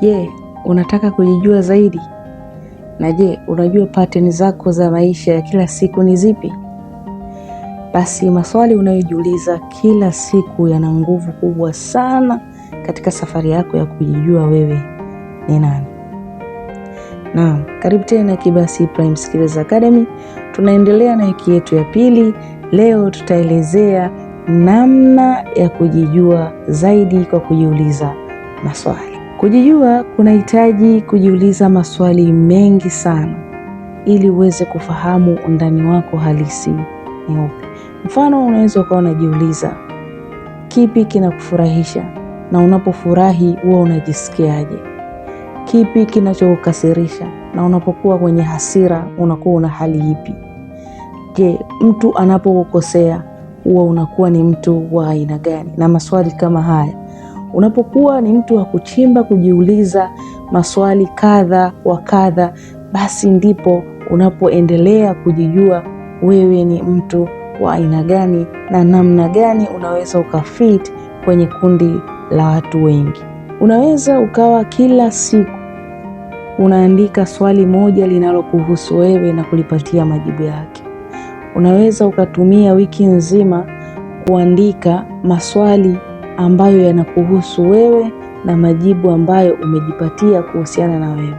Je, unataka kujijua zaidi? Na je, unajua pattern zako za maisha ya kila siku ni zipi? Basi maswali unayojiuliza kila siku yana nguvu kubwa sana katika safari yako ya kujijua wewe ni nani. Naam, karibu tena Kibasi Prime Skills Academy. Tunaendelea na wiki yetu ya pili. Leo tutaelezea namna ya kujijua zaidi kwa kujiuliza maswali. Kujijua kunahitaji kujiuliza maswali mengi sana ili uweze kufahamu undani wako halisi ni upi. Mfano, unaweza ukawa unajiuliza kipi kinakufurahisha na unapofurahi huwa unajisikiaje? Kipi kinachokukasirisha na unapokuwa kwenye hasira unakuwa una hali ipi? Je, mtu anapokukosea huwa unakuwa ni mtu wa aina gani? Na maswali kama haya Unapokuwa ni mtu wa kuchimba, kujiuliza maswali kadha wa kadha, basi ndipo unapoendelea kujijua wewe ni mtu wa aina gani na namna gani unaweza ukafit kwenye kundi la watu wengi. Unaweza ukawa kila siku unaandika swali moja linalokuhusu wewe na kulipatia majibu yake. Unaweza ukatumia wiki nzima kuandika maswali ambayo yanakuhusu wewe na majibu ambayo umejipatia kuhusiana na wewe.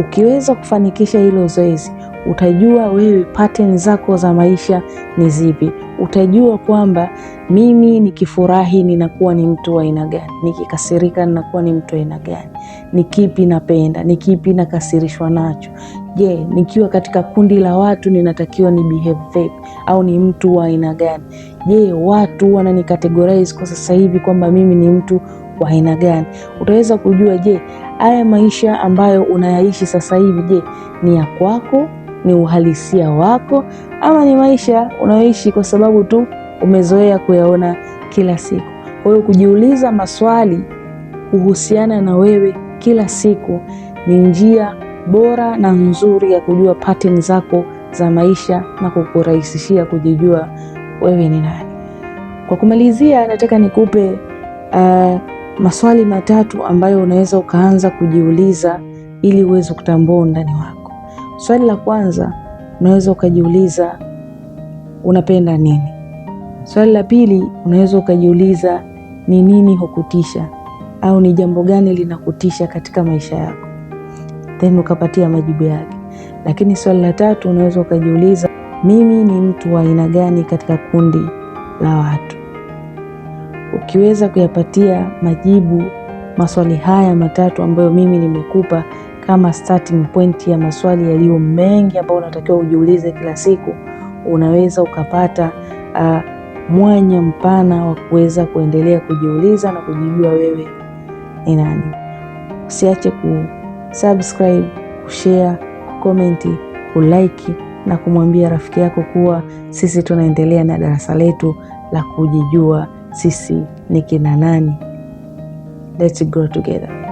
Ukiweza kufanikisha hilo zoezi, utajua wewe pattern zako za maisha ni zipi. Utajua kwamba mimi nikifurahi ninakuwa ni mtu wa aina gani, nikikasirika ninakuwa ni mtu wa aina gani, ni kipi napenda, ni kipi nakasirishwa nacho. Je, nikiwa katika kundi la watu ninatakiwa ni behave vipi, au ni mtu wa aina gani? Je, watu wananikategorize kwa sasa hivi kwamba mimi ni mtu wa aina gani? Utaweza kujua, je, haya maisha ambayo unayaishi sasa hivi, je, ni ya kwako ni uhalisia wako ama ni maisha unayoishi kwa sababu tu umezoea kuyaona kila siku. Kwa hiyo kujiuliza maswali kuhusiana na wewe kila siku ni njia bora na nzuri ya kujua pattern zako za maisha na kukurahisishia kujijua wewe ni nani. Kwa kumalizia, nataka nikupe uh, maswali matatu ambayo unaweza ukaanza kujiuliza ili uweze kutambua undani wako. Swali la kwanza unaweza ukajiuliza unapenda nini? Swali la pili unaweza ukajiuliza ni nini hukutisha au ni jambo gani linakutisha katika maisha yako, then ukapatia majibu yake. Lakini swali la tatu unaweza ukajiuliza, mimi ni mtu wa aina gani katika kundi la watu? Ukiweza kuyapatia majibu maswali haya matatu ambayo mimi nimekupa kama starting point ya maswali yaliyo mengi ambayo unatakiwa ujiulize kila siku, unaweza ukapata uh, mwanya mpana wa kuweza kuendelea kujiuliza na kujijua wewe ni nani. Usiache kusubscribe, kushare, kukomenti, kulike na kumwambia rafiki yako kuwa sisi tunaendelea na darasa letu la kujijua sisi ni kina nani. Let's grow together.